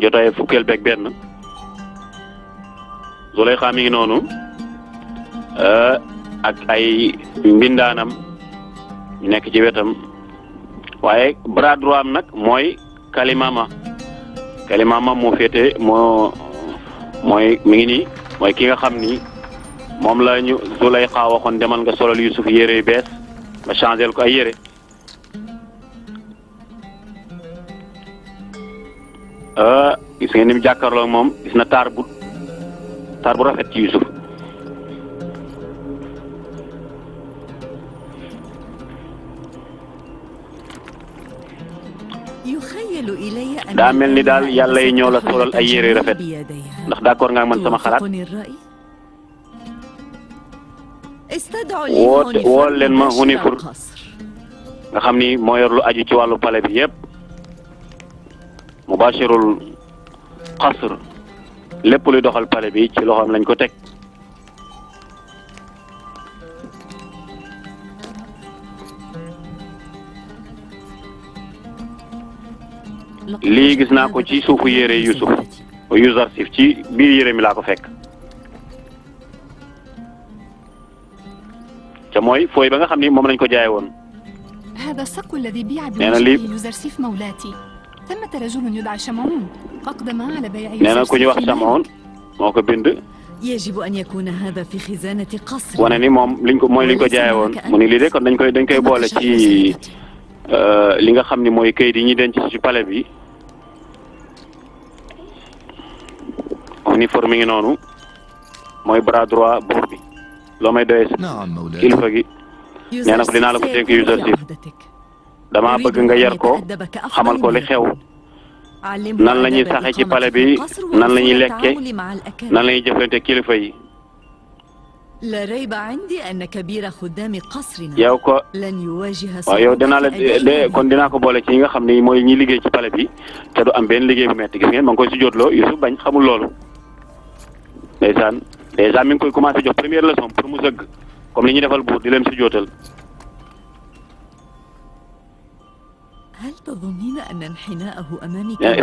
jotaay fukkeel beeg benn Zuleyxa mi ngi noonu euh, ak ay mbindaanam ñu nekk ci wetam waaye bras am nag mooy kalimama kalimama moo féete moo mooy mi ngi nii mooy ki nga xam ni moom la ñu Zuleyxa waxoon demal nga solal Yusuf yére bees nga changé ko ay yére Euh, gis ngeen ni mu moom gis na taar bu taar bu rafet ci Yuusuf daa mel ni daal yàlla yi ñoo la solal ay yére rafet ndax d'accord nga man sama xalaat woote wool leen ma Hunifur nga xam ni moo yor aju ci wàllu pale bi yépp mubashirul xasr lépp luy doxal pale bi ci loxoom lañ ko teg lii gis naa ko ci suufu yére Yusuf Yuzarsif ci biir yére mi laa ko fekk ca mooy fooy ba nga xam ni moom lañ ko jaay woon nee na lii ثمة رجل يدعى شمعون أقدم على بيع نعم كوني واخ شمعون موكو بند يجب أن يكون هذا في خزانة قصر وانا ني موم لينكو موي لينكو جاي وون موني لي دي كون دنج كوي دنج كوي بولا سي li nga xam ni mooy kayit yi ñuy denc ci palais bi uniforme mi ngi noonu mooy bras droit buur bi loo may doyee si kilifa gi nee na ko dinaa la ko dénk Youssouf dama bëgg nga yar ko xamal ko li xew nan la ñuy saxe ci pale bi nan la ñuy lekke nan la ñuy jëflante kilifa yi yow ko waaw yow dinaa la de kon dinaa ko boole ci ñi nga xam ne mooy ñi liggéey ci pale bi te du am benn liggéey bu metti gis ngeen ma ngi koy si jootloo Yusuf bañ xamul loolu ndeysaan dèjà mi ngi koy commencé jox première leçon pour mu sëgg comme li ñuy defal buur di leen si jootal est-ce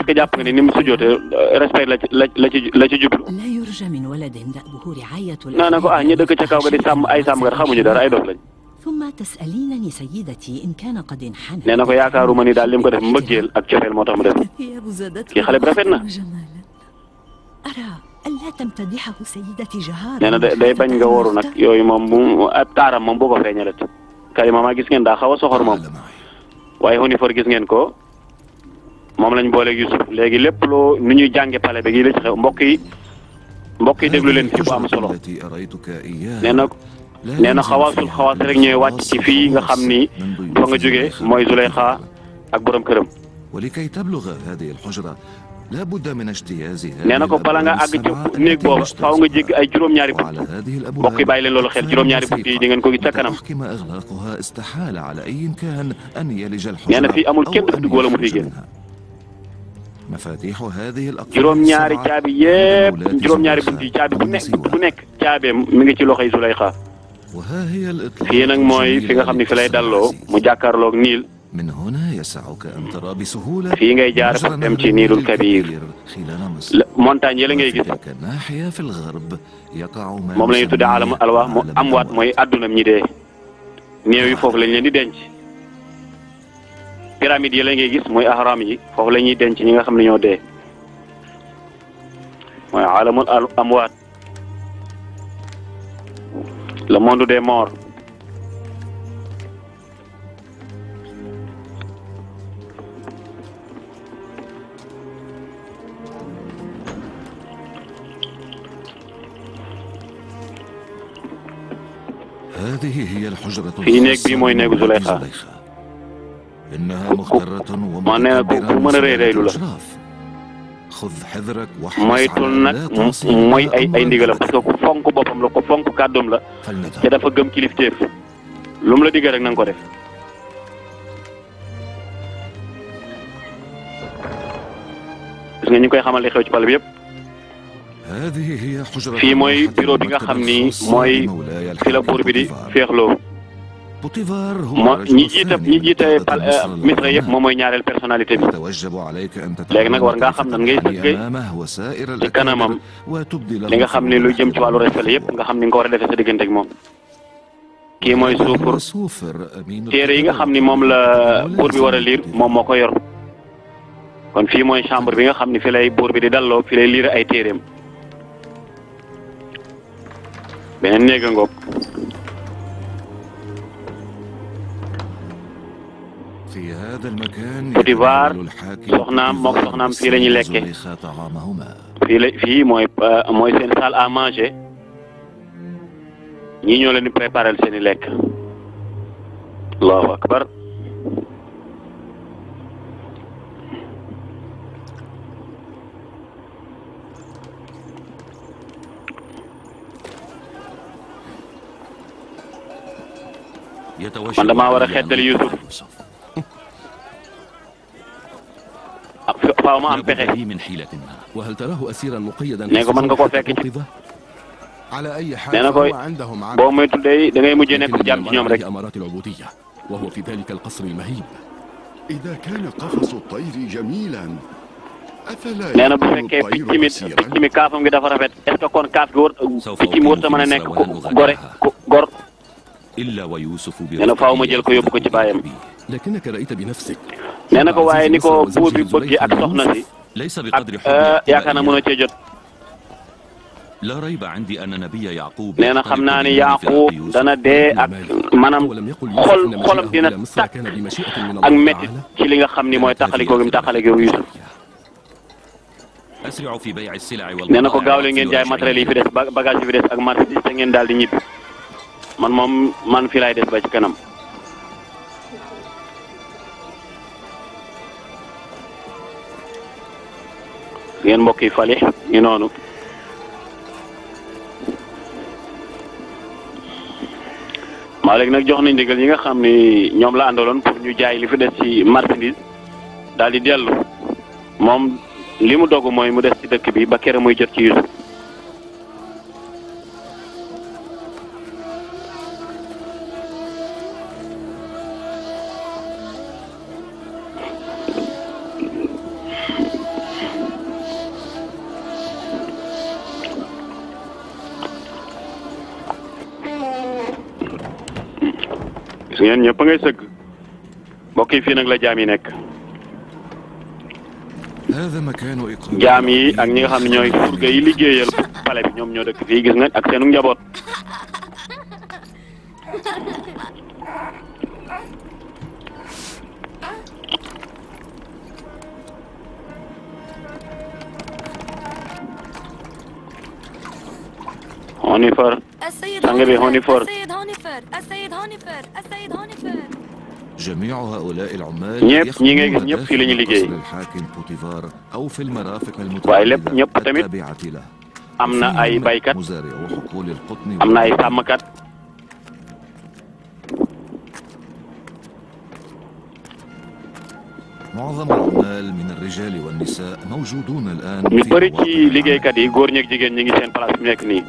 que jàpp nga ni ni mu sujjootee euh, respect la ci la ci la ci jublu. naa ne ko ah ñi dëkk ca kaw ga di sàmm ay sàmmkat xamuñu dara ay dof lañ. nee na ko yaakaaruma ni daal li mu ko def mbëggeel ak cofeel moo tax mu def kii xale bi rafet na. nee na day bañ nga wóoru nag yooyu moom bu ab taaram moom boo ko feeñalat. Karima maa gis ngeen daa xaw a soxor moom. waaye Hunifor gis ngeen ko moom lañ booleeg Youssouf léegi lépp loo nu ñuy jànge pale ba gi xew mbokk yi mbokk yi déglu leen fii am solo nee a nee na xawaasul xawaas rek ñooy wàcc ci fii nga xam ni fa nga jógee mooy Zuleyxa ak borom këram. nee na ko bala nga àgg ci néeg booba faaw nga jéggi ay juróom-ñaari bunt mbokk yi bàyyi leen loolu xel juróom-ñaari bunt yi di ngeen ko gis ca kanam nee na fii amul kenn dafa dugg wala mu fiy génn juróom-ñaari caabi yépp juróom-ñaari bunt yi caabi bu nekk bu nekk caabeem mi ngi ci loxoy Zulayxa fii nag mooy fi nga xam ne fi lay dalloo mu jàkkaarloog niil. من هنا يسعك أن ترى بسهولة fii ngay jaar fa dem ci Niilul Kabiir montagne la ngay gis moom la ñuy tuddee alamu alwaa mu amwaat mooy adduna ñi dee néew yi foofu lañ leen di denc pyramide yële ngay gis mooy ahram yi foofu la ñuy denc ñi nga xam ne ñoo dee mooy alamul amwaat le monde des morts fii néeg bii mooy néegu Zuleyxa a rëy rëylu la moytul nag mooy ay ay ndigalam parce la ku fonk kàddoom la te gëm kilifteef lu mu la diggee rek na ko def. gis nga ñu koy xamal li xew pale bi yëpp. fii mooy bureau bi nga xam ni mooy fi la buur bi di féexloo moo ñi jiite ñi jiite Misra yëpp moom mooy ñaareel personnalité bi léegi nag war ngaa xam nan ngay sëggee ci kanamam li nga xam ni lu jëm ci wàllu respect la yëpp nga xam ni nga ko war a defee sa diggante ak moom. kii mooy suufur téere yi nga xam ni moom la buur bi war a liir moom moo ko yor kon fii mooy chambre bi nga xam ni fi lay buur bi di dalloo fi lay liir ay téereem. beneen néeg a ngoog Potifar soxnaam mook soxnaam fii la ñuy lekke fii la mooy seen salle à manger ñii ñoo di préparer seen i lekk allahu akbar man damaa war a xettali Youssouf ah, faaw ma am pexe nee ko mën nga koo fekk ci nee na koy boo moytul day da ngay mujj nekk jàmm ci ñoom rek. وهو في ذلك القصر المهيب إذا كان قفص الطير جميلا أفلا nee na bu fekkee picc mi picc mi kaafam gi dafa rafet est-ce que kon kaaf gi war picc mi warut a mën a nekk ku gore ku gor nee na faaw ma jël ko yóbbu ko ci baayam nee na ko waaye ni ko buur bi bëgg ak soxna si ak yaakaar naa mënoo cee jot. nee na xam naa ne Yaaqub dana dee ak maanaam xol xolam dina tàkk ak métti ci li nga xam ni mooy taxali googu mu taxale googu Yuusuf. nee na ko gaaw leen ngeen jaay matériels yi fi des bagage yi fi des ak marchandise ngeen daal di ñibbi. man moom man fii laay des ba ci kanam. ngeen mbokki fale ñu noonu. waaw léegi nag jox nañ ndigal ñi nga xam ni ñoom la àndaloon pour ñu jaay li fi des ci marchandise daal di dellu moom li mu dogu mooy mu des ci dëkk bi ba kere mooy jot ci Yuusuf ñeen ñëpp ngay sëgg mbokk yi fii nag la jami yi nekk jaam yi ak ñi nga xam ne ñooy surga yi liggéeyal pale ñoom ñoo dëkk fii gis nga ak seenu njaboot xoni for bi xoni ñëpp ñi ngay gis ñëpp fii la ñuy liggéey waaye lépp ñëpp tamit am na ay baykat am na ay sàmmkat ñu bëri ci liggéeykat yi góor ñeeg jigéen ñi ngi seen place bi nekk nii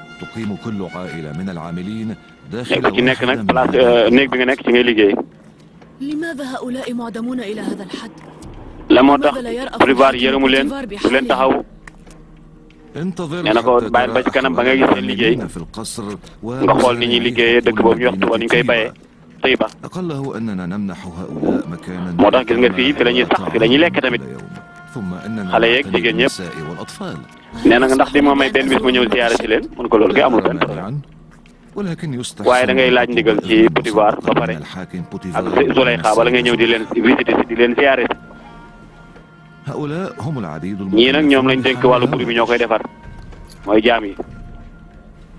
nekk ci nekk nag place néeg bi nga nekk ci ngay liggéey. لماذا هؤلاء معدمون إلى هذا الحد؟ la moo tax Prévoir yërëmu leen du leen taxaw nee na ko bàyyil ba ci kanam ba nga gis seen liggéey nga xool ni ñuy liggéeyee dëkk boobu ñu wax Tuuba ni ñu koy bayee Tayba moo tax gis nga fii fi la ñuy sax fi la ñuy lekk tamit xale yeeg jigéen ñëpp nee na nga ndax di ma may benn bis mu ñëw ziyaare si leen mun ko loolu koy amul benn problème waaye da ngay laaj ndigal ci Potifar ba pare ak Zuleyxa bala ngay ñëw di leen visiter si di leen ziare si ñii nag ñoom lañ dénk wàllu buri bi ñoo koy defar mooy jaam yi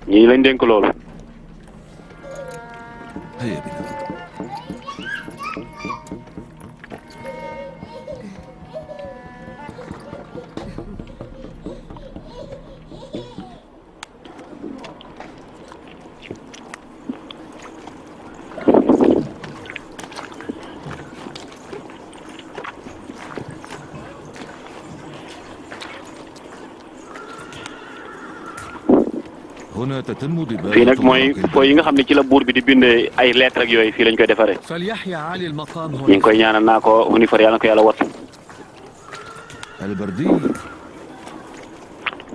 ñii lañ dénk lool fii nag mooy foo yi nga xam ne ci la buur bi di bind ay lettre ak yooyu fii lañ koy defaree ñu koy ñaanal naa ko huni far yàlla na ko yàlla wat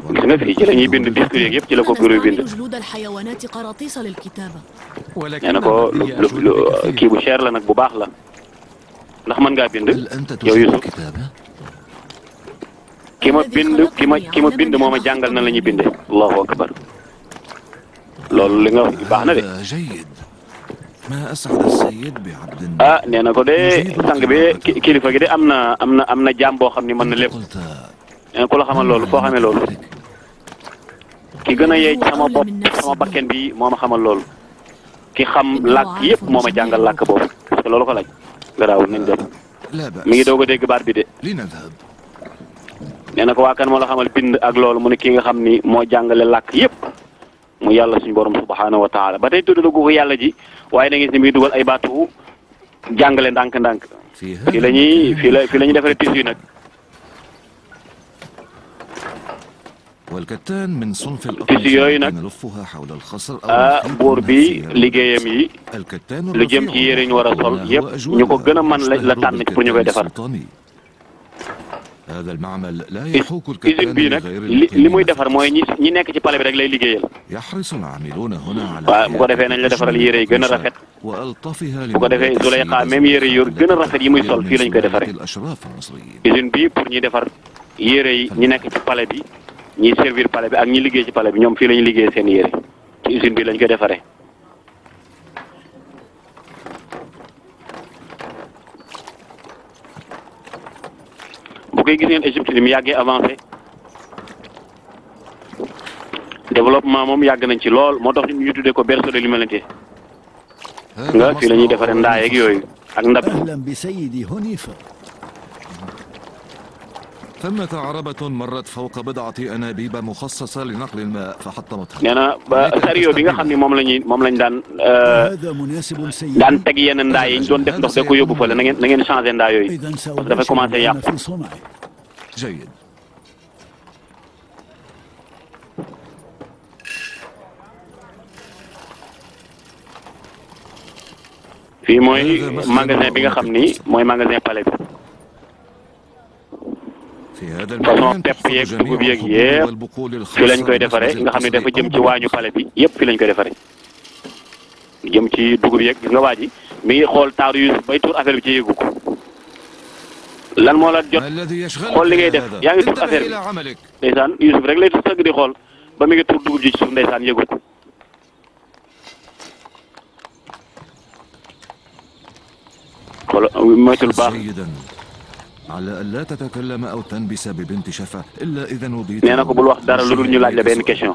gis nga ci la ñuy bind discours yeeg yëpp ci la ko buur bi bind nee na ko lu kii bu cher la nag bu baax la ndax mën ngaa bind yow Yusuf ki ma bind ki ma ki ma bind moo ma jàngal nan la ñuy bindee akbar loolu li nga wax baax na de. ah nee na ko de sang bi kilifa gi de am na am na am na jaam boo xam ni mën na lépp nee na ku la xamal loolu foo xamee loolu ki gën a yeej sama bopp sama bakken bi moom a xamal lool ki xam làkk yëpp moom ma jàngal làkk boobu parce que loolu ko laaj garaawul nañ dem mi ngi doog a dégg baat bi de nee na ko waa kan moo la xamal bind ak loolu mu ne ki nga xam ni moo jàngale làkk yëpp. mu yàlla suñu borom subhaanahu wa taala ba tey tuddal gu ko yàlla ji waaye da ngeen si muy dugal ay baatu jàngale ndànk-ndànk. fii la ñuy fii la fii la ñuy defaree tissu nag. tissu yooyu nag ah buur bi liggéeyam yi lu jëm ci yére ñu war a sol yëpp ñu ko gën a mën la tànn pour ñu koy defar. usine bii nag li li muy defar mooy ñi ñi nekk ci palais bi rek lay liggéeyal. waaw bu ko defee nañ la defaral yére yi gën a rafet bu ko defee Zuleyxa même yére yu gën a rafet yi muy sol fii lañ koy defaree usine bii pour ñi defar yére yi ñi nekk ci palais bi ñi servir palais bi ak ñi liggéey ci palais bi ñoom fii lañu liggéey seen yére ci usine bii lañ koy defaree. koy gis ngeen Égypte li mu yàggee avancé développement moom yàgg nañ ci lool moo tax ñu tuddee ko berceau de l'humanité nga fii la ñuy defaree ndaa yeeg yooyu ak ndab ثمة عربة مرت فوق بضعة أنابيب مخصصة لنقل الماء فحطمتها nee na ba sario bi nga xam ne moom la ñuy moom lañ daan daan teg yenn ndaa yi ñu doon def ndox da ko yóbbu fële na ngeen na ngeen changé ndaa yooyu parce que dafa commencé yàqu جيد fii mooy magasin bi nga xam ni mooy magasin palais bi façon pepp yeeg dugub yeeg yëpp fi lañ koy defaree nga xam ne dafa jëm ci waañu pale bi yëpp fi lañ koy defare jëm ci dugub yeeg gis nga waa ji mi ngi xool taaru Yuusuf bay tuur affaire bi ci yëgu ko lan moo la jot xool li def yaa ngi tuur affaire bi ndeysaan Yuusuf rek lay tuur sëgg di xool ba mi ngi tuur dugub ji ci suuf ndeysaan yëgu ko xool moytul baax على ألا تتكلم أو تنبس ببنت شفا إلا إذا وضيت nee na ko bul wax dara lu dul ñu laaj la benn question.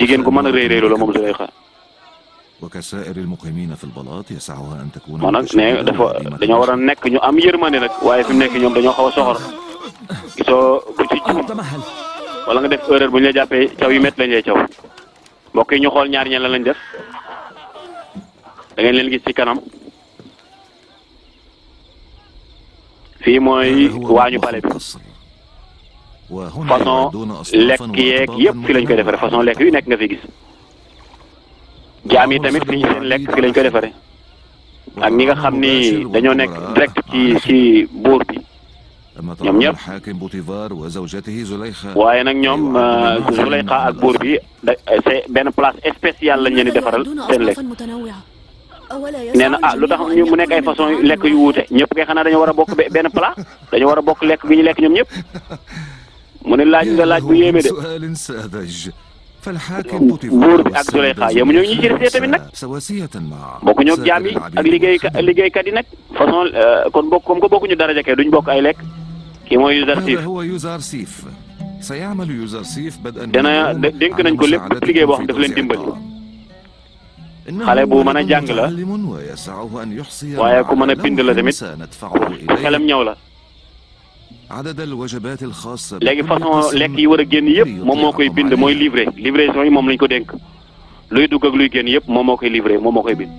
jigéen ku mën a réy réylu la moom Zulaykha. وكسائر المقيمين في البلاط يسعها أن تكون. moo nag nee dafa dañoo war a nekk ñu am yërmande nag waaye fi mu nekk ñoom dañoo xaw a soxor gisoo ku ci juum wala nga def erreur bu ñu la jàppee caw yu métti lañ lay caw mbokk yi ñu xool ñaar ñenn lañ def da ngeen leen gis ci kanam. fii mooy waañu pale bi façon lekk yeeg yëpp fi lañ koy defaree façon lekk yu nekk nga fi gis jaam yi tamit fi seen lekk fi lañ koy defare ak ñi nga xam ni dañoo nekk direct ci ci buur bi ñoom ñëpp waaye nag ñoom Zulayxa ak buur bi da benn place spéciale lañ leen ni defaral seen lekk. Ah, nee na ah lu tax mu nekk ay façon lekk yu wuute ñëpp kay xanaa dañoo war a bokk benn plat dañoo war bokk lekk gi ñu lekk ñoom ñëpp mu ne laaj nga laaj bu yéeme de buur bi ak Zuleyxa yow mu ñoo ngi ñuy jëriñee tamit nag bokkuñu ak jaam yi ak liggéey liggéeykat yi nag façon euh, kon bokk comme que bokkuñu daraja kay duñ bokk ay lekk kii mooy Yuzaar Siif dana dénk nañ ko lépp liggéey boo xam daf leen dimbali. xale bu mën a jàng la waaye ku mën a bind la tamit xelam ñëw la léegi façon lekk yi war a génn yëpp moom moo koy bind mooy livré livraison yi moom lañ ko dénk luy dugg ak luy génn yëpp moom moo koy livré moom moo koy bind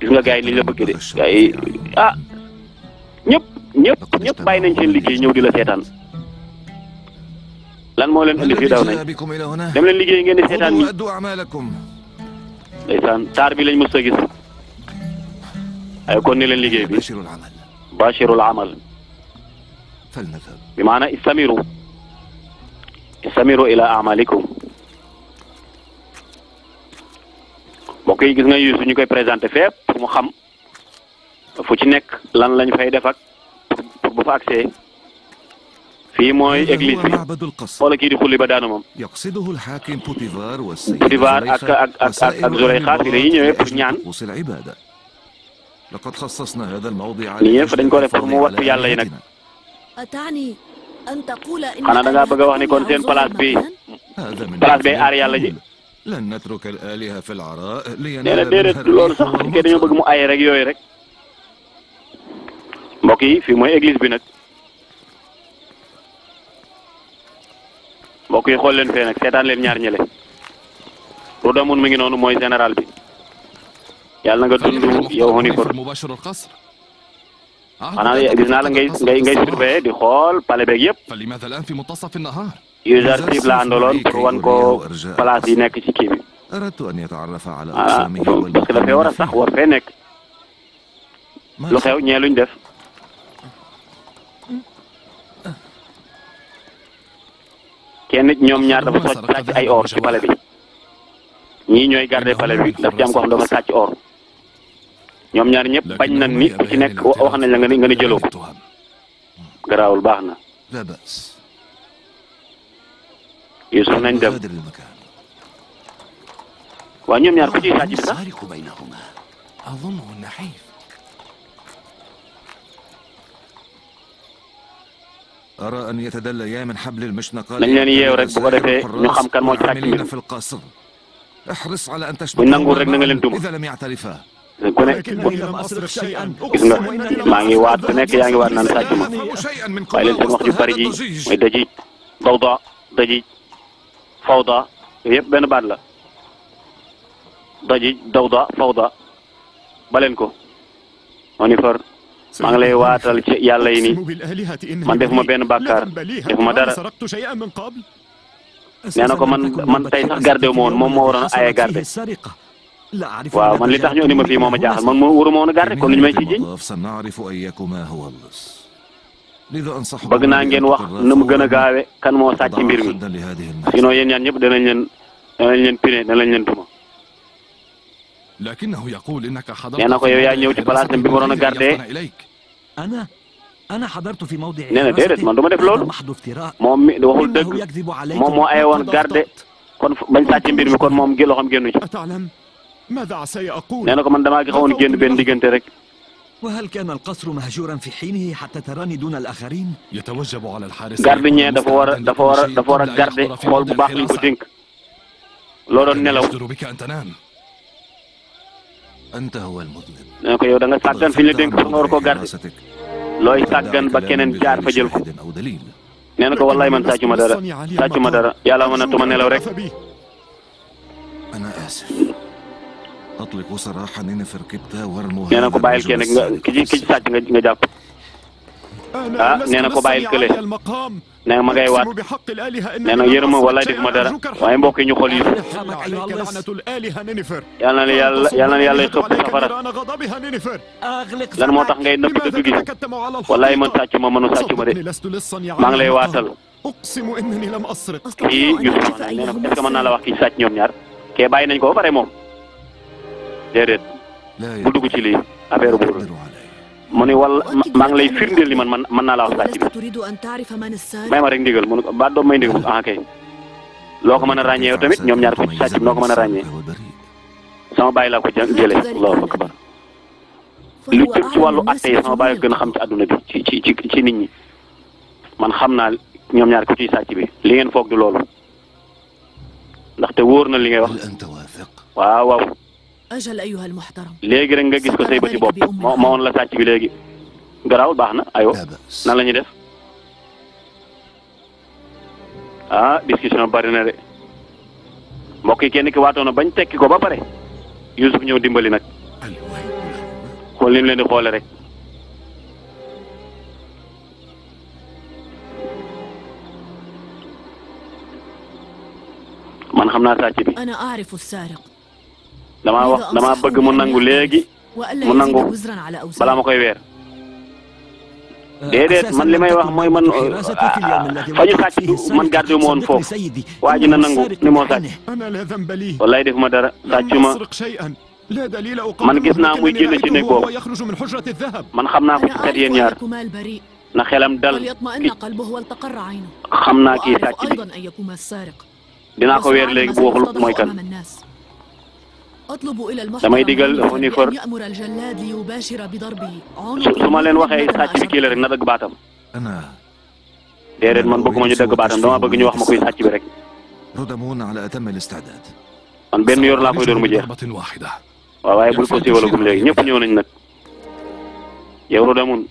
gis nga gars yi liñ la bëgg de gars yi ah ñëpp ñëpp ñëpp bàyyi nañ seen liggéey ñëw di la seetaan lan moo leen indi fii daw nañ dem leen liggéey ngeen di seetaan nii ndeysaan taar bi lañ mës a gis ay kon ne leen liggéey bi bachirul amal bi maana amalikum mbokk yi gis nga yu ñu koy présenté fépp pour mu xam fu ci nekk lan lañ fay def ak pour bu fa accès fii mooy église bi xoola kii di xulli ba daanu moom Potiphar ak ak ak ak ak Zuleyxa fii dañuy ñëwee pour ñaan li ñëpp dañ ko def pour mu wattu yàlla yi nag xanaa da ngaa bëgg a wax ni kon seen place bi place bi aar yàlla ji nee na déedéet loolu sax dañoo bëgg mu aye rek yooyu rek mbokk yi fii mooy église bi nag. mbokk yi xool leen fee nag seetaan leen ñaar ñële ruda mun mi ngi noonu mooy général bi yàlla na nga dund yow xoni for xanaa ah, gis naa la ngay ngay ngay surveiller di xool pale beeg yëpp user type la àndaloon pour wan ko place yi nekk ci kii bi ah parce que dafay war a sax war fee nekk lu xew ñee def kenn ñoom ñaar dafa socc sàcc ay or ci palais bi ñii ñooy garde palais bi daf ci am ko xam dafa sàcc or ñoom ñaar ñëpp bañ nañ ni ku ci nekk wax nañ la nga ni nga ni jëloo ko baax na Yuusuf nañ dem waaw ñoom ñaar ku ciy sàcc bi sax nañ leen yeew rek bu ko defee ñu xam kan moo ci sàcc mbir buñ nangul rek na nga leen duma ku ne gis nga maa ngi waat ku nekk yaa ngi waat naan sàcc ma waaye leen seen wax ju bari ji mooy dajij fawda dajij fawda yooyu yëpp benn baat la dajij dawda fawda baleen ko on y maa ngi lay waatal ci yàlla yi nii man defuma benn bàkkaar defuma dara nee na ko man man tey sax gardé wu ma woon moom moo waroon aye gardé waaw man li tax ñu indi ma fii moo ma jaaxal man moo waruma woon a gardé kon ñu may ci jiñ bëgg naa ngeen wax na mu gën a gaawe kan moo sàcc mbir mi sinon yéen ñaan ñëpp danañ leen danañ leen pine danañ leen duma. nee na ko yow yaa ñëw ci place bi nga waroon a انا انا حضرت في موضع nee na déedéet man du ma def loolu moom mi waxul dëgg moom moo ay woon garde kon bañ sàcc mbir mi kon moom gi loxoom génnu ci nee na ko man damaa gi xawoon génn benn diggante rek وهل كان القصر مهجورا في حينه حتى تراني دون الآخرين؟ يتوجب على الحارس garde ñee dafa war a dafa war a dafa war a garde xool bu baax liñ ko dénk loo doon nelaw nee na ko yow da nga sàggan fi ñu la dénk nga war koo garde looy sàggan ba keneen jaar fa jël ko nee na ko wallaay man sàccu ma dara sàccu ma dara yàlla ma nattu ma nelaw rek. nee na ko bàyyil kenn nga ki ci ki ci sàcc nga nga jàpp. Ah, ah nee na ko bàyyil kële nee na ma ngay waat nee na yërëma wala def ma dara waaye mbokk yi ñu xool Yuusuf na la yàlla xëpp safara lan tax ngay nëbb dëgg gi wallaay man sàcc ma mënu de maa lay waatal kii Yuusuf nee na est-ce que mën naa la ñoom ñaar kee bàyyi nañ ko ba pare moom déedéet bu dugg ci lii affaire boobu. moo ni wala maa ngi lay firndeel li man man naa laa wax sàcc bi may ma rek ndigal mu ne ko ba doom may ndigal ah kay loo ko mën a ràññee yow tamit ñoom ñaar ko ci sàcc bi noo ko a ràññee sama bàyyi laa ko jëlee allahu akbar lu jëm ci wàllu atte yi sama bàyyi gën a xam ci àdduna bi ci ci ci ci nit ñi man xam naa ñoom ñaar ko ciy sàcc bi li ngeen foog du loolu ndaxte wóor na li ngay wax waaw waaw ajal ayyuha almuhtaram léegi rek nga gis ko say bëti bopp moo ma woon la sàcc bi léegi garaaw baax na aywa nan la ñuy def ah discussion bari na de mbokk yi kenn na bañ tekki ko ba pare Youssouf ñëw dimbali nag xool ni mu leen di xoole rek man xam naa sàcc bi ana damaa wax damaa bëgg mu nangu léegi mu nangu balaa ma koy weer ah, déedéet man li may wax mooy man ah, fa ñu sàcc man gardé wu ma woon foofu waa ji na nangu ni moo sàcc wallaay def ma dara sàccuma man gis naa muy génn ci néeg boobu man xam naa ko ci xet yéen ñaar na xelam dal ki xam naa kii sàcc bi dinaa ko weer léegi bu waxul mooy kan. damay digal Hunifor su ma leen waxee sàcc bi kii la rek na dëgg baatam. déedéet man bëgguma ñu dëgg baatam dama bëgg ñu wax ma kuy sàcc bi rek. man benn yor laa koy door mu jeex. waaw waaye bul ko siiwalagum léegi ñëpp ñëw nañ nag. yow Rudamun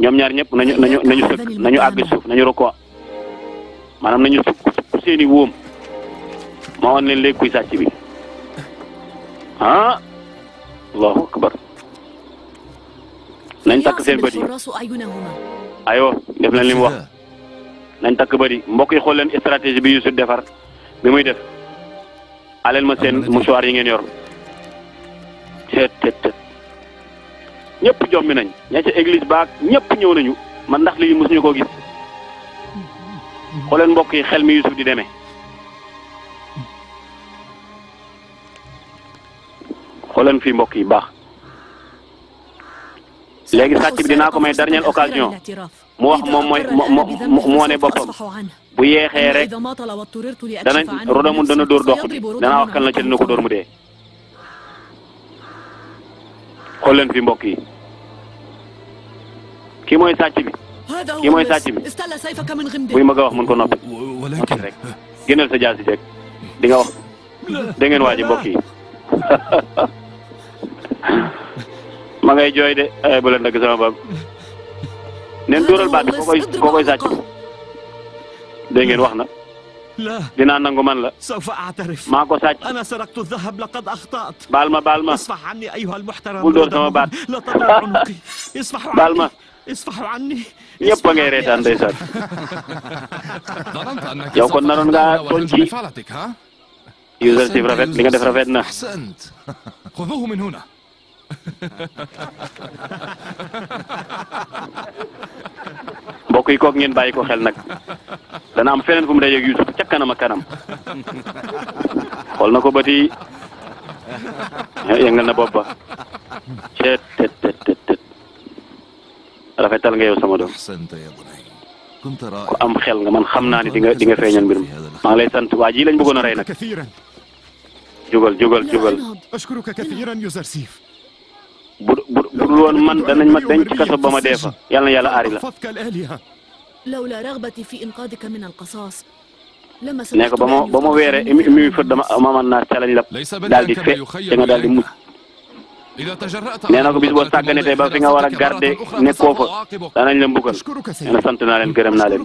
ñoom ñaar ñëpp nañu nañu nañu sëkk nañu àgg suuf nañu rokko maanaam nañu sukk sukk seen i ma wan leen léegi kuy sàcc bi. ah allahu akbar nañ takk seen bët yi aywa def nañ li mu wax nañ takk bët yi mbokk yi xool leen stratégie bi Youssouf defar bi muy def aleel ma seen mouchoir yi ngeen yor teet teet teet ñëpp jommi nañ ña ca église baak ñëpp ñëw nañu man ndax lii mosuñu koo gis xooleen mbokk yi xel mi Youssouf di demee xoolan fii mbokk yi baax léegi sàcc bi dinaa ko may dernière occasion mu wax moom mooy moo ne boppam bu yeexee rek dana rodomu dana dóor dox bi danaa wax kan la ca dina ko dóor mu dee xool fi mbokk yi kii mooy sàcc bi kii mooy sàcc bi buy mag a wax mun ko noppi noppi rek génneel sa jaasi rek di nga wax dégg ngeen waa ma ngay jooy de ay bu leen dagg sama baam neen dóoral baat bi koo koy koo koy sàcc dégg ngeen wax na dinaa nangu man la maa ko sàcc baal ma baal ma bul dóor sama baat baal ma ñëpp a ngay reetaan ndeysaan yow kon naroon ngaa tooñ ci Youssouf rafet li nga def rafet na. mbokk yi kook ngeen bàyyi ko xel nag dana am feneen fu mu dajeeg Yuusuf ca kanam a kanam xol na ko bëti yëngal na bopp ba ceet tet tet tet tet rafetal nga yow sama doom ku am xel nga man xam naa ni di nga di nga feeñal mbir maa lay sant waa ji lañ bëggoon a rey nag jugal jugal jugal bu bu budul woon man danañ ma denc kaso ba ma dee fa yàlla na yàlla aari la. nee ko ba ma ba ma weeree émi émi fa dama amoon naa ca lañ la daal di fe te nga daal di mucc nee na ko bis boo sàggane tey ba fi nga war a ne nekkoo fa danañ la mbugal nee na sant naa leen gërëm naa leen.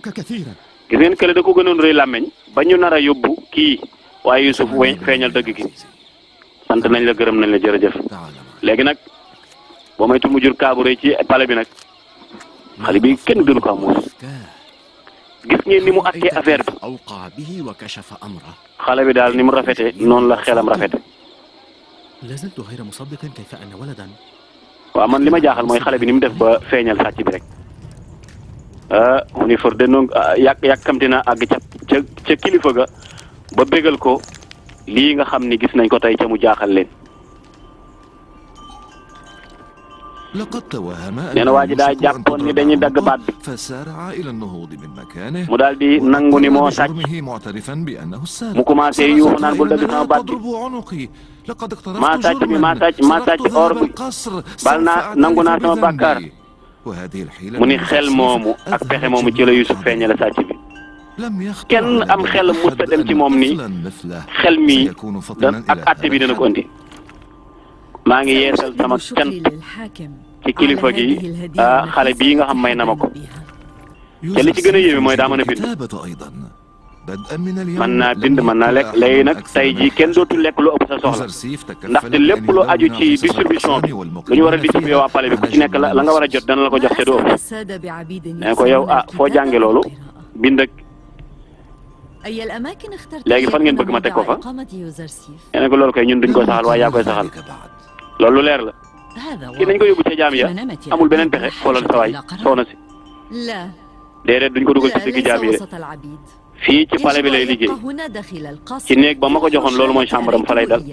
gis ngeen kële da ko gënoon rëy làmmeñ ba ñu nar a yóbbu kii waaye Youssouf feeñal dëgg gi sant nañ la gërëm nañ la jërëjëf léegi nag. boo moytu mu jur kaabu rëy ci pale bi nag xale bi kenn gënu ko amuus gis ngeen ni mu attee affaire bi xale bi daal ni mu rafete noonu la xelam rafete waaw man li ma jaaxal mooy xale bi ni mu def ba feeñal sàcc bi rek ah mu ni fër de noonu ah, yàq yàkkamti na àgg ca ca kilifa ga ba bégal ko lii nga xam ni gis nañ ko tey ca mu jaaxal leen nee na waa ji daa jàppoon ni dañuy dagg baat bi mu daal di nangu ni moo sàcc mu commencé yuuxu naan bul dagg sama baat bi maa sàcc bi maa sàcc maa sàcc or bi bal naa nangu naa sama bàkkaar mu ni xel moomu ak pexe moomu ci la Yusuf feeñale sàcc bi kenn am xel musta dem ci moom ni xel mi ak àtte bi dana ko andi. maa ngi yeesal sama cant ci kilifa gi ah, xale bii nga xam may na ma ko te li ci gën a yéeme mooy daa mën a bind mën naa bind mën naa lekk léegi nag tey jii kenn dootul lekk lu ëpp sa soxla ndaxte lépp loo aju ci distribution bi lu ñu war a distribué a pale bi ku ci nekk la la nga war a jot dana la ko jox te doo ne ko yow ah foo jànge loolu bind ak léegi fan ngeen bëgg ma teg ko fa nee na ko loolu kay ñun duñ ko saxal waaye yaa koy saxal loolu leer la kii nañ ko yóbbu ca jaam ya amul beneen pexe xoolal sa waay soxna si déedéet duñ ko dugal ci digg jaam yi de fii ci pale bi lay liggéey ci néeg ba ma ko joxoon loolu mooy chambre am fa lay dal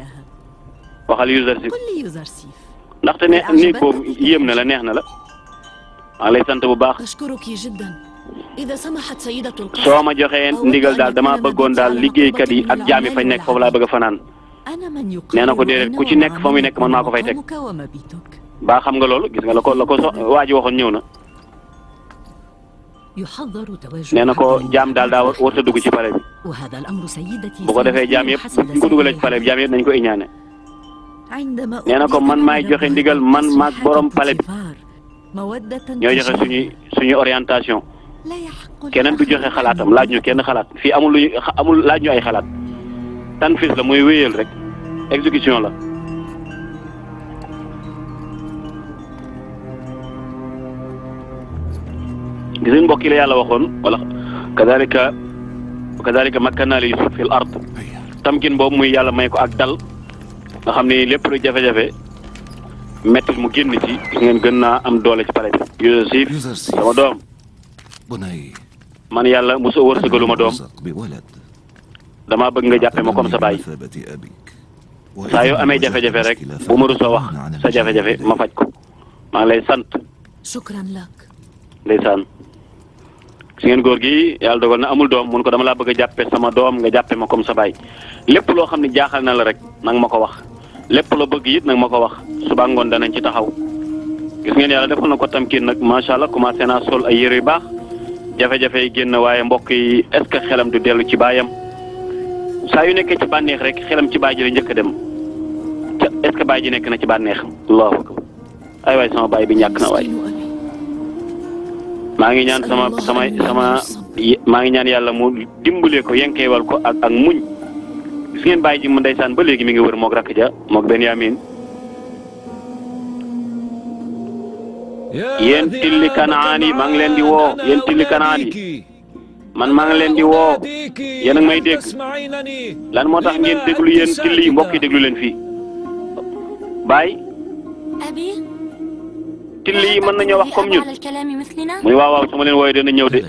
waxal Yuzarsif ndaxte ne néeg boobu yéem na la neex na la maa ngi lay sant bu baax soo ma joxee ndigal daal dama bëggoon daal liggéeykat yi ak jaam yi fañ nekk foofu laa bëgga fanaan nee na ko déedéet ku ci nekk fa muy nekk man maa ko fay teg baa xam nga loolu gis nga la ko la ko so waa ji waxoon ñëw na nee na ko jaam daal daa warta dugg ci pale bi bu ko defee jaam yëpp bu ko dugalee ci pale bi jaam yëpp nañ ko iñaane nee na ko man maay joxe ndigal man maag borom pale bi ñooy joxe suñuy suñuy orientation keneen du joxe xalaatam laaj ñu kenn xalaat fii amul lu amul laaj ñu ay xalaat tanfis la mooy wéyal rek exécution la gis nga la yàlla waxoon wala kadalika kadalika makkanna li fil ard tamkin boobu muy yàlla may ko ak dal nga xam ne lépp lu jafe-jafe mettit mu génn ci ngeen gën naa am doole ci pare bi sama doom man yàlla musa wërsëgalu ma doom damaa bëgg nga jàppe ma comme sa baay saa yoo amee jafe-jafe rek bu ma rusoo wax sa jafe-jafe ma faj ko maa ngi lay sant ndeysaan si ngeen goor gi yàlla dogal na amul doom mun ko dama laa bëgg a jàppe sama doom nga jàppe ma comme sa baay lépp loo xam ne jaaxal na la rek nang ma ko wax lépp loo bëgg it nag ma ko wax suba ngoon danañ ci taxaw gis ngeen yàlla defal na ko tamkiin nag macha allah commencé naa sol a yére yu baax jafe-jafe yi génn waaye mbokk yi est ce xelam du dellu ci baayam saa yu nekkee ci bànneex rek xelam ci baay ji la njëkk a dem ca est ce que baay ji nekk na ci bànneex allahu akbar ay waay sama baay bi ñàkk na waay maa ngi ñaan sama sama sama maa ngi ñaan yàlla mu dimbalee ko yenkeewal ko ak ak muñ gis ngeen baay ji mu ndeysaan ba léegi mi ngi wër moog rakk ja moog Benyamin yéen tilli kanaan yi maa ngi leen di woo yéen tilli kanaan yi man maa ngi leen di woo yéen may dégg lan moo tax ngeen déglu yéen ci lii mbokk yi déglu leen fii Baye. tilli yi mën nañoo wax comme ñun muy waaw waaw su ma leen wooyee dana ñëw de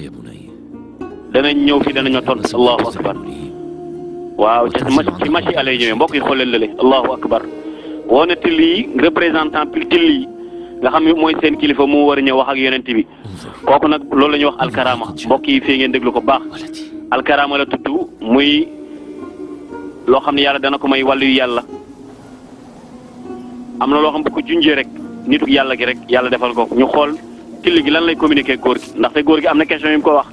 danañ ñëw fi danañoo ton allahu akbar waaw ci ma ci machi alay ñëwee mbokk yi xool leen lële allahu akbar woo na tilli yi représentant tilli nga xam ne mooy seen kilifa moo war a ñëw wax ak yonent bi kooku nag loolu la ñuy wax alkarama mbokk yi fii ngeen déglu ko baax alkarama la tudd muy loo xam ne yàlla dana ko may wàllu yàlla am na loo xam bu ko junjee rek nit yàlla gi rek yàlla defal ko ñu xool till gi lan lay communiquer góor gi ndaxte góor gi am na question yu ko wax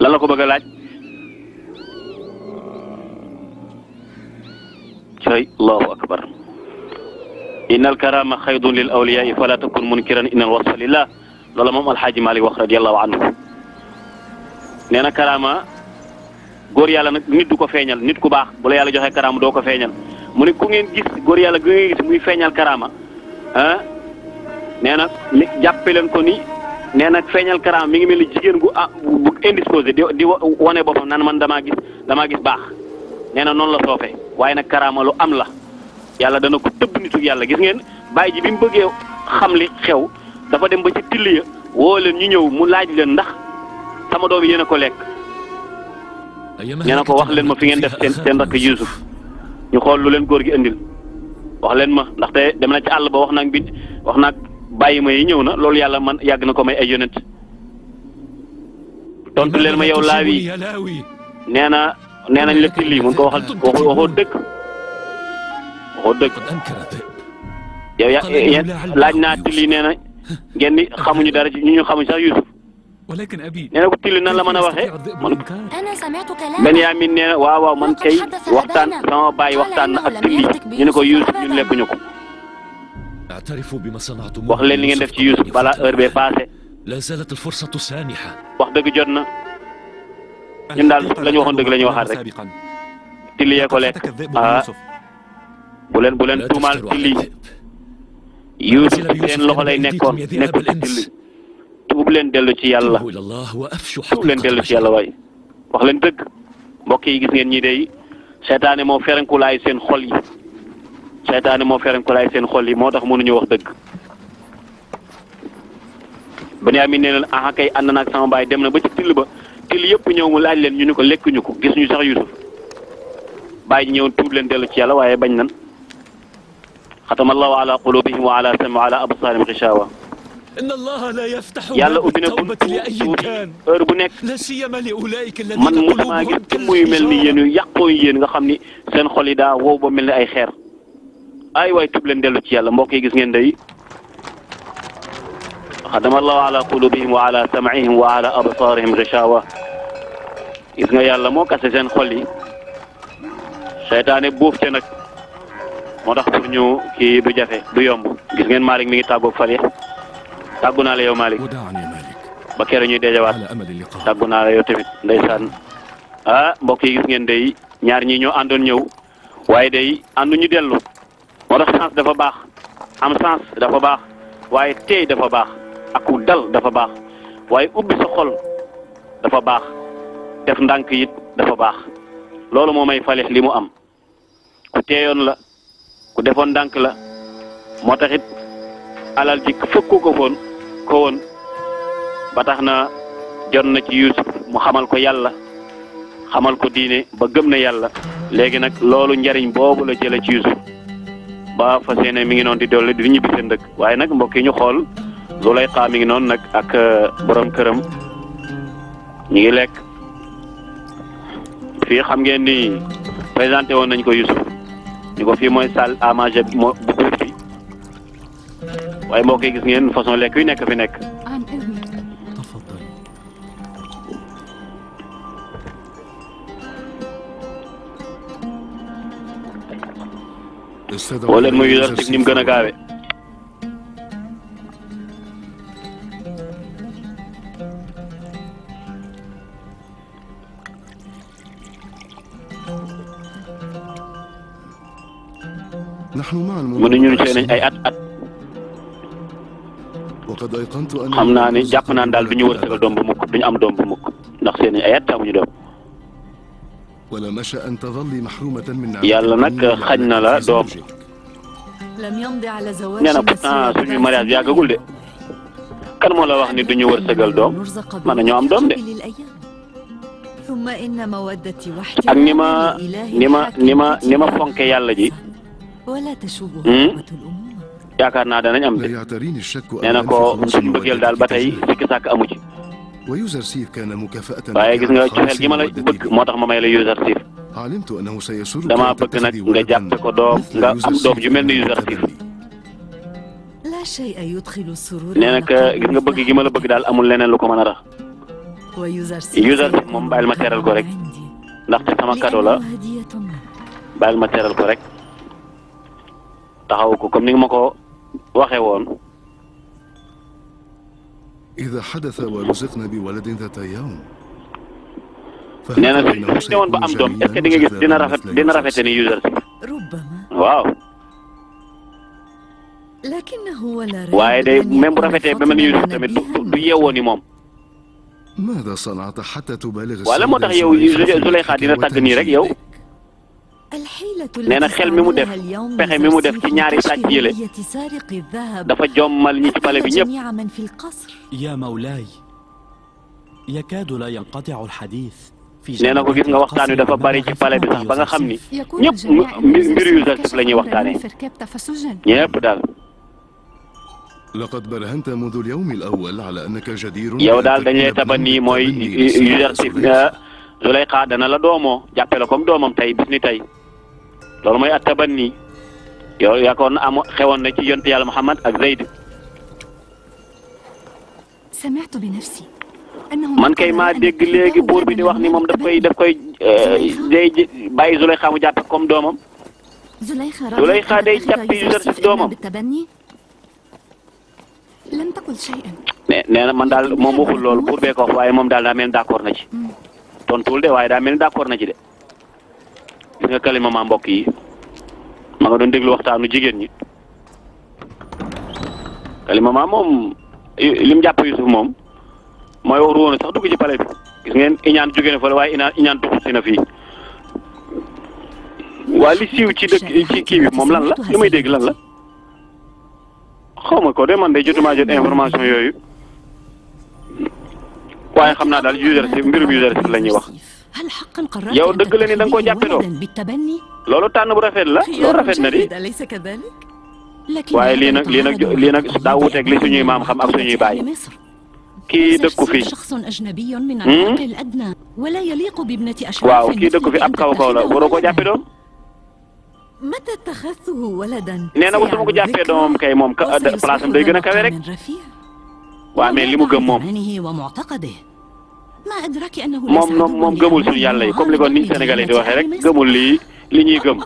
lan la ko bëgg a laaj cay allahu akbar innal karama xaydun lil awliyaai fala takun munkiran innal wasfa lillah loola moom alxaaji Malik wax radiallahu anhu nee na karama góor yàlla nag nit du ko feeñal nit ku baax bu yàlla joxe karama doo ko feeñal mu ne ku ngeen gis góor yàlla gu ngeen gis muy feeñal karaama ah nee na ko ni nee na feeñal karama mi ngi mel ni jigéen gu ah bu indisposé di di wane boppam nan man damaa gis damaa gis baax nee na noonu la soofee waaye nag karama lu am la yàlla dana ko tëbb nituk yàlla gis ngeen bàyyi ji bi mu bëggee xam li xew dafa dem ba ci till ya woo leen ñu ñëw mu laaj leen ndax sama doom yi a ko lekk ñee na ko wax leen ma fi ngeen def seen seen rakk Yuusuf ñu xool lu leen góor gi indil wax leen ma ndaxte dem na ci àll ba wax naag bi wax naag bàyyi ma yi ñëw na loolu yàlla man yàgg na ko may ay yonent tontu leen ma yow laawi nee na nee nañ la tilli mun ko waxal waxoo dëkk waxoo dëgg yow ya yéen laaj naa tilli nee na di xamuñu dara ci ñu ñu xamuñ sax Youssouf nee na ko tilli nan la mën a waxee man Benyamin nee na waaw waaw man kay waxtaan sama baay waxtaan na ak tilli ñu ne ko Youssouf ñun lebbuñu ko wax leen li ngeen def ci Youssouf balaa heure bee passé wax dëgg jot na ñun daal la ñu waxoon dëgg la ñu waxaat rek tilli yee lekk ah. bu leen bu leen tuumaal tilli yuusuf ci seen loxo lay nekkoon nekkul ci tilli tuub leen dellu ci yàlla tuub leen dellu ci yàlla waay wax leen dëgg mbokk yi gis ngeen ñi day seytaane moo ferenkulaay seen xol yi seytaane moo ferenkulaay seen xol yi moo tax mënuñu wax dëgg Benyamin nee leen aha kay ànd naag sama baay dem na ba ci till ba till yëpp ñëw mu laaj leen ñu ni ko lekkuñu ko gis ñu sax Yuusuf bàyyi ñëw tuub leen dellu ci yàlla waaye bañ na xatama allahu ala qulubihim wa ala samihim wa ala absarihim xishawa yàlla ubbi na buntu tuuti heure bu nekk man musuma gis jëmm yu mel ni yéen yu yàqoo yéen nga xam ni seen xol yi daa wow ba mel ni ay xeer ay waay tub leen dellu ci yàlla mbokk yi gis ngeen day xadama allahu ala qulubihim wa ala samihim wa ala absarihim gishawa gis nga yàlla moo kase seen xol yi seytaane buuf ca nag moo tax pour ñu kii du jafe du yomb gis ngeen Malick mi ngi tàggoog fale tàggu naa la yow Malick ba keroog ñuy dejawaat tàggu naa la yow tamit ndeysaan ah mbokk yi gis ngeen day ñaar ñii ñoo àndoon ñëw waaye day àndu ñu dellu moo tax sens dafa baax am sens dafa baax waaye teey dafa baax ak u dal dafa baax waaye ubbi sa xol dafa baax def ndànk it dafa baax loolu moo may falex li mu am ku teeyoon la ku defoon ndànk la moo taxit alal ji fëkku ko foon ko woon ba tax na jot na ci Yuusuf mu xamal ko yàlla xamal ko diine ba gëm na yàlla léegi nag loolu njariñ boobu la jële ci Yuusuf ba fas yéene mi ngi noonu di dolli di ñibbi seen dëkk waaye nag yi ñu xool Zulayxa mi ngi noonu nag ak euh, borom këram ñu ngi lekk fii xam ngeen ni présenté woon nañ ko Yuusuf ñu ko fii mooy salle à manger moo bu waaye mbokk yi gis ngeen façon lekk yu nekk fi nekk woo leen muy yor ci ni gën a gaawe at at. xam naa ne jàpp naa ne daal du ñu wërsëgal doom bu mukk du ñu am doom bu mukk ndax seen i ay at amuñu yàlla nag xañ na la doom. nee na pourtant suñu mariage yàggagul de. kan moo la wax ni duñu ñu wërsëgal doom mën nañoo am doom de. ak ni ma ni ma ni ma ni ma fonke yàlla ji. Hmm? yaakaar naa danañ am de nee na ko suñu daal ba tey sikki sàkk amu ci waaye gis nga cofeel gi ma la bëgg moo tax ma may la Yuzarsif damaa bëgg nag nga jàppe ko doom nga am doom ju mel ni Yuzarsif nee na gis nga bëgg gi ma la bëgg daal amul leneen lu ko mën a rax Yuzarsif moom bàyyil ma ko rek ndaxte sama cadeau la bàyyil ma ko rek taxaw ko comme ko. waxe woon ida xadata wa ruziqna bi waladin data yawm nee na suñ am doom est-ce di nga gis dina rafet dina rafete ni user si waaw waaye day même bu rafetee ba mel ni user tamit du du yeewoo ni moom wala moo tax yow su lay xaar dina tàgg nii rek yow nee na xel mi mu def pexe mi mu def ci ñaari sàcc yële dafa jommal ñi ci pale bi ñëpp. nee na ko gis nga waxtaan wi dafa bari ci pale bi sax ba nga xam ni ñëpp mbir yu Yuusuf la ñuy waxtaanee ñëpp daal. laqad barhanta mundu al-yawm al-awwal ala annaka jadirun yow daal dañu lay taban nii mooy Yuusuf Zulayxa dana la doomoo jàppe la comme doomam tey bis ni tey loolu mooy at-tabanni yow yaakoon am xewoon na ci yonent yàlla Muhammad ak Zayd man kay ma dégg léegi buur bi di wax ni moom daf koy daf koy euh, day bàyyi Zulayxa mu jàppe comme doomam Zulayxa day jàppi Yuusuf doomam nee na man daal moom waxul loolu buur ko waaye moom daal daa mel d'accord na ci hmm. tontuwul de waaye daa mel ni d'accord na ci de gis kalima ma mbokk yi ma nga doon déglu waxtaanu jigéen ñi kalima ma moom lim jàpp Yusuf moom mooy waru woon sax dugg ci palais bi gis ngeen iñaan jóge na fa waaye iñaan iñaan dugg si na fii waa li siiw ci dëkk ci kii bi moom lan la li may dégg lan la xaw ma ko de man de jotumaa jot information yooyu. waaye xam naa daal usership mbirum usership la ñuy wax yow dëgg la ni da nga koo jàppetoo loolu tànn bu rafet la loolu rafet na di waaye lii nag lii nag lii nag daa wuuteeg li suñuy maam xam ak suñuy baay kii dëkku fi hmm? waaw kii dëkku fi ab kaw kaw la waroo koo jàppetoo nee na bu su ma ko jàppee doomam kay moom place am day gën a kawe rek. waaw mais li mu gëm moom moom moom moom gëmul suñu yàlla yi comme li ko ni Sénégalais di waxee rek gëmul lii li ñuy gëm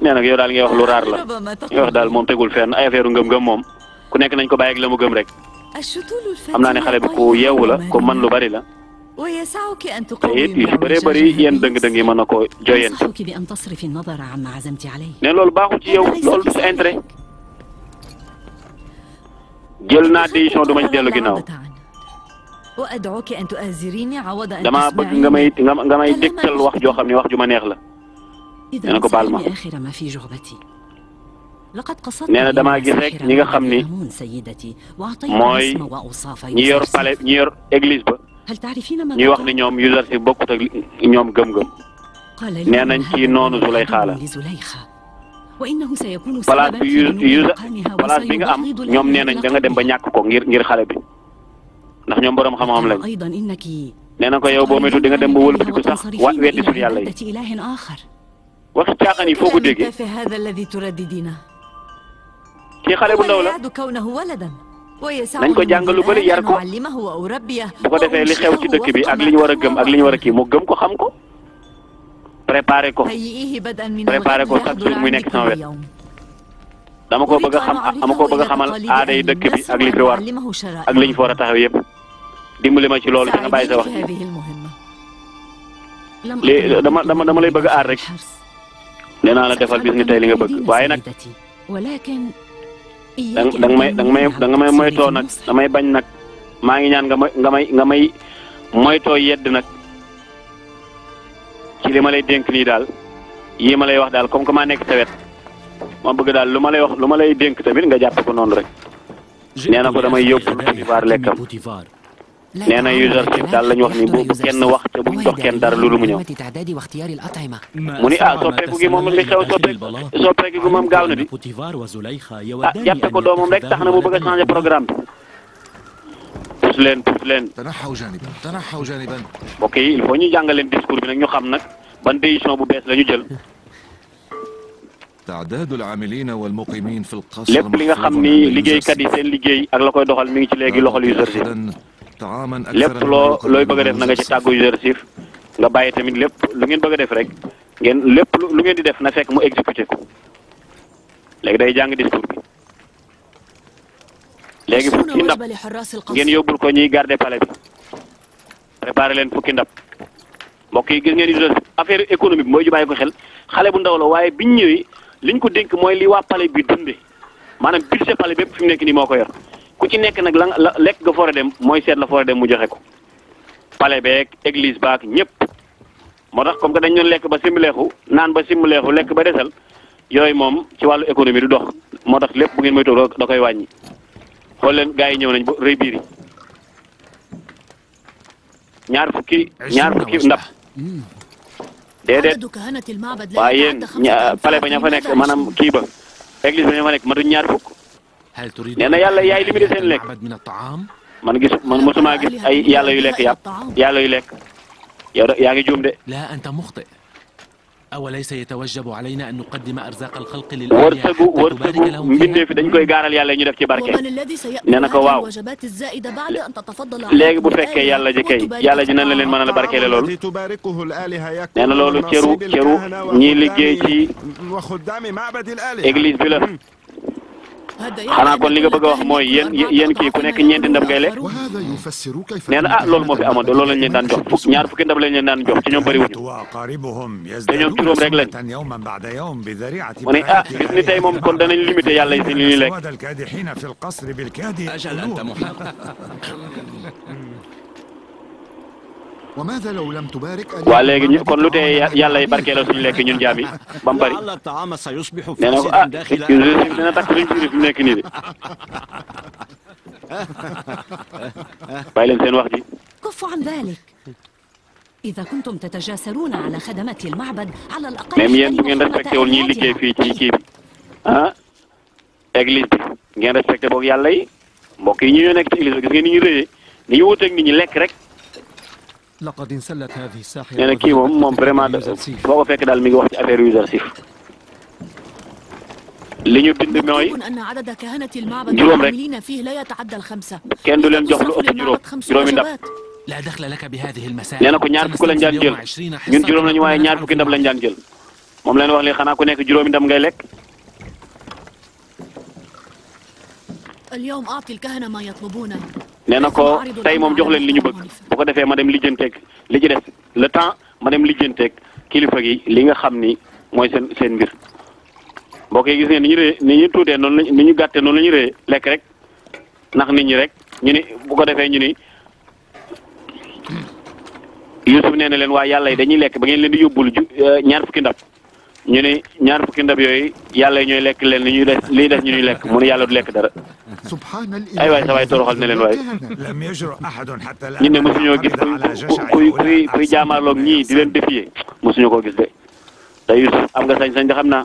nee nag daal ngay lu raar la ngay wax daal moom tegul fenn ay affaire ngëm-ngëm moom ku nekk nañ ko bàyyi la mu gëm rek xam naa ne xale bi ku yeewu la ku mën lu bari la te it yu si bëree bëri yéen dëng-dëng yi mën na koo joyeen ne loolu baaxul ci yow loolu du sa intérêt jël naa décision du ma ci dellu ginnaaw damaa bëgg nga may nga may dégtal wax joo xam ne wax ju ma neex la nee na ko baal ma nee na damaa gis rek ñi nga xam ni mooy ñi yor pale ñi yor église ba ñuy wax ni ñoom user si bokkut ak ñoom gëm-gëm nee nañ ci noonu Zuleyxa la. place bi yu place bi nga am ñoom nee nañ da nga dem ba ñàkk ko ngir ngir xale bi ndax ñoom borom xam-xam lañ nee na ko yow boo moytu di dem ba wëlbatiku sax wa weddi suñu yàlla yi waxi caaxaan yi foo ko déggee kii xale bu ndaw la nañ ko jàngal lu bëri yar ko bu ko defee li xew ci dëkk bi ak li ñu war a gëm ak li ñu war a kii mu gëm ko xam ko. préparé ko préparé ko chaque jour muy nekk sama wet dama ko bëgg a xam a ko bëgg bëgga xamal aada yi dëkk bi ak li fi war ak li ñu fa war a taxaw yëpp dimbali ma ci loolu da nga bàyyi sa wax lii dama dama dama lay bëgg a aar rek nee naa la defal bis ni tey li nga bëgg waaye nag da nga may da nga may da nga may moytoo nag damay bañ nag maa ngi ñaan nga may nga may nga may moytoo yedd nag. ci li ma lay dénk nii daal yii ma lay wax daal comme que maa nekk sa wet ma bëgg daal lu ma lay wax lu ma lay dénk tamit nga jàpp ko noonu rek nee na ko damay yóbbul Potifar lekkam nee na Youssouf daal la wax ni bu kenn wax te buñ jox kenn dara loolu mu ñëw mu ni ah soppeeku gi moom li xew soppeeku soppeeku gi moom gaaw na di ah jàppe ko doomam rek tax na mu bëgg a programme pousse leen pousse leen. dana xaw janiban dana xaw janiban. mbokk yi il faut ñu jàngaleen discours bi nag ñu xam nag ban décision bu bees la ñu jël. lépp li nga xam ni liggéeykat yi seen liggéey ak la koy doxal mu ngi ci léegi loxol usersif lépp loo looy bëgg a na nga ci tàggu usersif nga bàyyi tamit lépp lu ngeen bëgg a def rek ngeen lépp lu ngeen di def na fekk mu exécuté ko léegi day jàng discours bi. léegi fukki ndab ngeen yóbbul ko ñuy garde palais bi préparé leen fukki ndab mbokk yi gis ngeen ni affaire économique mooy ju bàyyi ko xel xale bu ndaw la waaye biñ ñëwee liñ ko dénk mooy li waa palais bi dunde maanaam budget palais bépp fi mu nekk nii moo ko yor ku ci nekk nag la la lekk nga foore dem mooy seet la foore dem mu joxe ko palais beeg église baak ñëpp moo tax comme que dañ doon lekk ba simbileexu naan ba simbileexu lekk ba desal yooyu moom ci wàllu économie du dox moo tax lépp bu ngeen moytoo da koy wàññi xool leen gaa yi ñëw nañ ba rëy biir yi ñaar fukki ñaar fukki ndab hmm. déedéet waaye yéen pale ba ña nekk maanaam kii ba église ba ña fa nekk matuñ ñaar fukk nee na yàlla yaay limité seen lekk man gis man mosuma gis ay yàlla yu lekk yàpp yàlla yu lekk yow yaa ngi juum de أوليس يتوجب علينا أن نقدم أرزاق الخلق لله wërsëgu wërsëgu mbindeef dañ koy gaaral yàlla ñu def ci barke nee na ko waaw léegi bu fekkee yàlla ji kay yàlla ji nan la leen mën a barkeele lool nee na loolu cëru cëru ñiy liggéey ci église bi la. xanaa kon li nga bëgg a wax mooy yéen yéen kii ku nekk ñeenti ndam ngay lekk nee na ah loolu moo fi amoon de loolu lañ leen daan jox fukk ñaar fukki ndam lañ leen daan jox ci ñoom bëriwuñu te ñoom juróom rek lañ mu ne ah bis ni tey moom kon danañ limité yàlla yi si li ñuy lekk. waa léegi kon lu tee yàlla yi barkeelal suñu lekk ñun jaam yi ba mu bëri nee na ko ah ñun dina takk suñu biir fi mu nekk nii de bàyyi leen seen wax ji. même yéen bu ngeen respecté wul ñiy liggéey fii ci kii bi ah église bi ngeen respecté boog yàlla yi mbokk ñu ñoo nekk ci église bi gis ngeen ni ñu rëyee ni ñu wuteeg nit ñi lekk rek. nee na kii moom moom vraiment boo ko fekk daal mi ngi wax ci affaire yu usage li ñu bind mooy juróom rek kenn du leen jox lu ëpp juróom juróomi ndab nee na ko ñaar fukk lañ daan jël ñun juróom lañu waaye ñaar fukki ndab lañ daan jël moom leen wax li xanaa ku nekk juróomi ndab ngay lekk. اليوم أعطي الكهنة ما يطلبونه nee na ko tey moom jox leen li ñu bëgg bu ko defee ma dem lijjanteeg li ci des le temps ma dem lijjanteeg kilifa gi li nga xam ni mooy seen seen mbir mbokk yi gis ngeen ni ñu ree ni ñu tuutee noonu ni ñu gàttee noonu la ñu ree lekk rek ndax nit ñi rek ñu ni bu ko defee ñu ni Yuusuf nee na leen waaye yàlla dañuy lekk ba ngeen leen di yóbbul eh, ñaar fukki ndab ñu ni ñaar fukki ndab yooyu yàlla yi ñooy lekk leen li ñuy des liy des ñu ñuy lekk mu yàlla du lekk dara aywaay sa waay toroxal ne leen waay ñun ne mosuñoo gis kuy kuy kuy jaamaarloog ñii di leen défier mosuñu koo gis de te Youssouf am nga sañ-sañ da xam naa.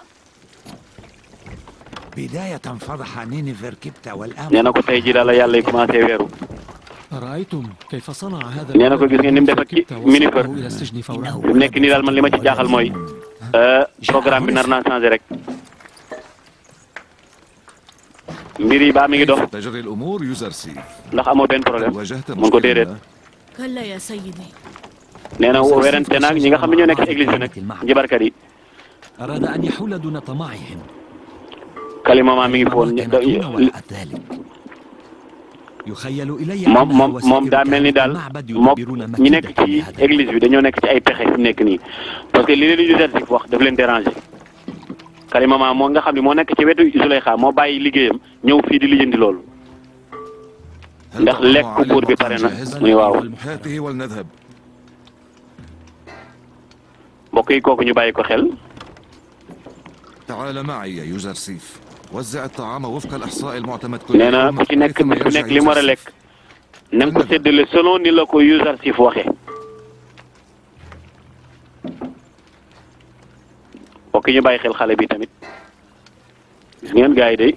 nee na ko tey jii daal la yàlla yi commencé weeru. nee na ko gis ngeen ni mu def ak ci Minifer nekk nii daal man li ma ci jaaxal mooy programme bi nar naa changé rek. mbir yi baa mi ngi dox ndax amoo benn problème mun ko déedéet nee na werante naag ñi nga xam ne ñoo nekk ci église bi nag njibarkat yi kalima maa mi ngi foon moom moom moom daa mel ni daal moom ñi nekk ci église bi dañoo nekk ci ay pexe fi mu nekk nii parce que li leen di wax daf leen déranger. Karimama moo nga xam ne moo nekk ci wetu Zuleyxa moo bàyyi liggéeyam ñëw fii di lijjanti loolu ndax lekk buur bi pare na muy waaw mbokk yi kooku ñu bàyyi ko xel. nee na ku ci nekk ku nekk li mu war a lekk na nga ko séddale selon ni la ko Yuusuf waxee. mbokk ñu bàyyi xel xale bi tamit gis ngeen gars yi day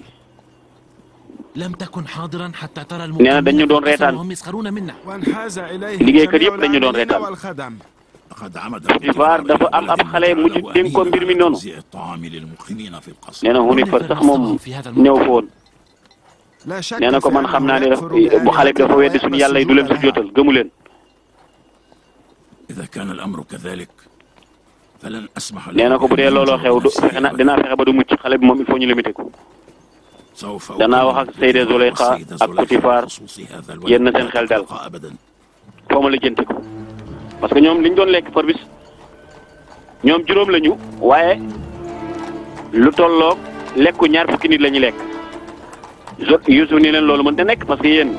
nee na dañu doon reetaan liggéeykat yëpp dañu doon reetaan Potifar dafa am ab xale mujj dénk ko mbir mi noonu nee na Potifar sax moom ñëw fa woon nee na ko man xam naa ne daf bu xale bi dafa weddi suñu yàlla yi du leen su jotal gëmu leen. nee na ko bu loolo looloo xew du fexe na dinaa fexe ba du mucc xale bi moom il faut ñu limité ko. danaa wax ak Seyda Zuleyxa ak Kutifaar yéen na seen xel dal foo ma lijjanti ko parce que ñoom liñ doon lekk par bis ñoom juróom lañu waaye lu tolloog lekku ñaar fukki nit la ñuy lekk Yuusuf ni leen loolu mën te nekk parce que yéen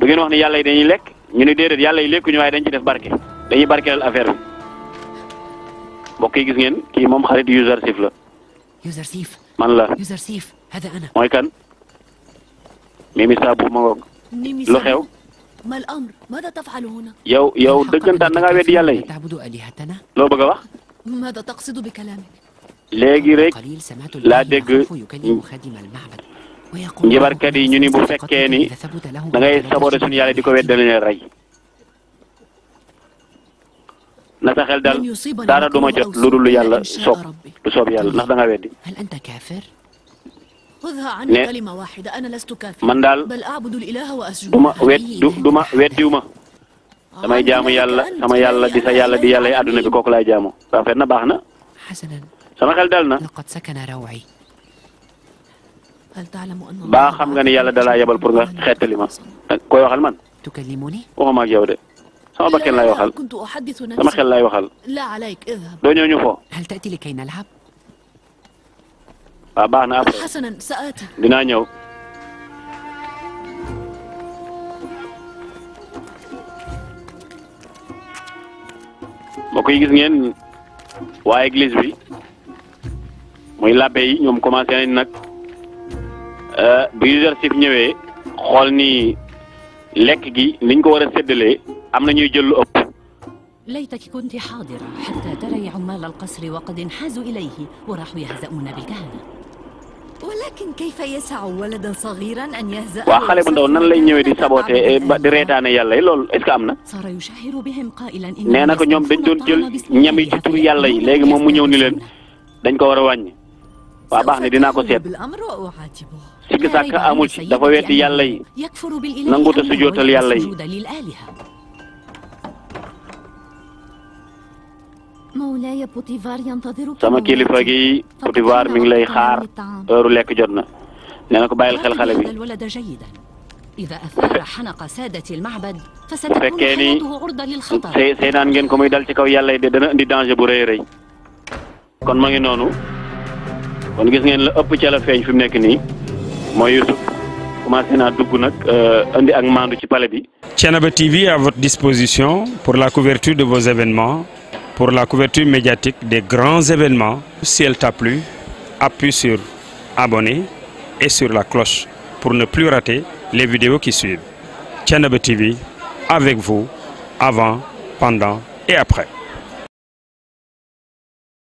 du ngeen wax ne yàlla yi dañuy lekk ñu ne déedéet yàlla yi lekkuñu waaye dañ ci def barke dañuy barkeelal affaire bi. mbokk yi gis ngeen kii moom xarit user sif la. user sif man la user sif hada ana mooy kan. Mimi Saabu ma ngoog. lu xew. ma al amr maada taf'alu huna. yow yow dëggantaan da ngaa weddi yàlla yi. loo bëgg a wax. maada taqsidu bi kalaamik. léegi rek laa dégg njibarkat yi ñu ni bu fekkee ni da ngay saboté suñu yàlla di ko weddale leen rey. na sa xel dal dara du jot lu dul yàlla soob lu soob yàlla ndax da nga weddi ne man daal du ma weddi du ma weddiw ma damay jaamu yàlla sama yàlla di yàlla di yàlla yi àdduna bi kooku laay jaamu rafet na baax na sama xel dal na baa xam nga ni yàlla dalaa yebal pour nga xettali ma koy waxal man waxuma ak yow de. sama bakken laay waxal sama xel lay waxal doo ñëw ñu fo. waaw baax na après dinaa ñëw. mbokk yi gis ngeen waa église bi mooy labbe yi ñoom commencé nañ nag bi exercice ñëwee xool ni lekk gi niñ ko war a séddalee. am na ñuy jël lu ëpp. ليتك كنت حاضرة حتى تري عمال القصر وقد انحازوا إليه وراحوا يهزؤون بالكهنة ولكن كيف يسع ولدا صغيرا أن يهزأ waa xale bu ndaw nan lay ñëwee di saboté eh, di reetaane yàlla yi loolu est-ce que am na صار يشهر بهم قائلا إن nee na ko ñoom dañ doon jël ñam yi ci tur yàlla yi léegi moom mu ñëw ni leen dañ ko war a wàññi waa baax ne dinaa ko seet sikki sàkk amul ci dafa wetti yàlla yi nanguta sujootal yàlla yi sama kilifa gi Potifar mi ngi lay xaar heure lekk jot na nee na ko bàyyil xel xale bi bu fekkee ni say say naan ngeen ko muy dal ci kaw yàlla de dana indi danger bu rëy rëy kon ma ngi noonu kon gis ngeen la ëpp ca la feeñ fi mu nekk nii mooy Youssouf commencé naa dugg nag indi euh, ak maandu ci palais bi. Thiénaba TV votre disposition pour la couverture de vos événements. pour la couverture médiatique des grands événements. Si elle t'a plu, appuie sur abonner et sur la cloche pour ne plus rater les vidéos qui suivent. Thiénaba TV avec vous avant, pendant et après.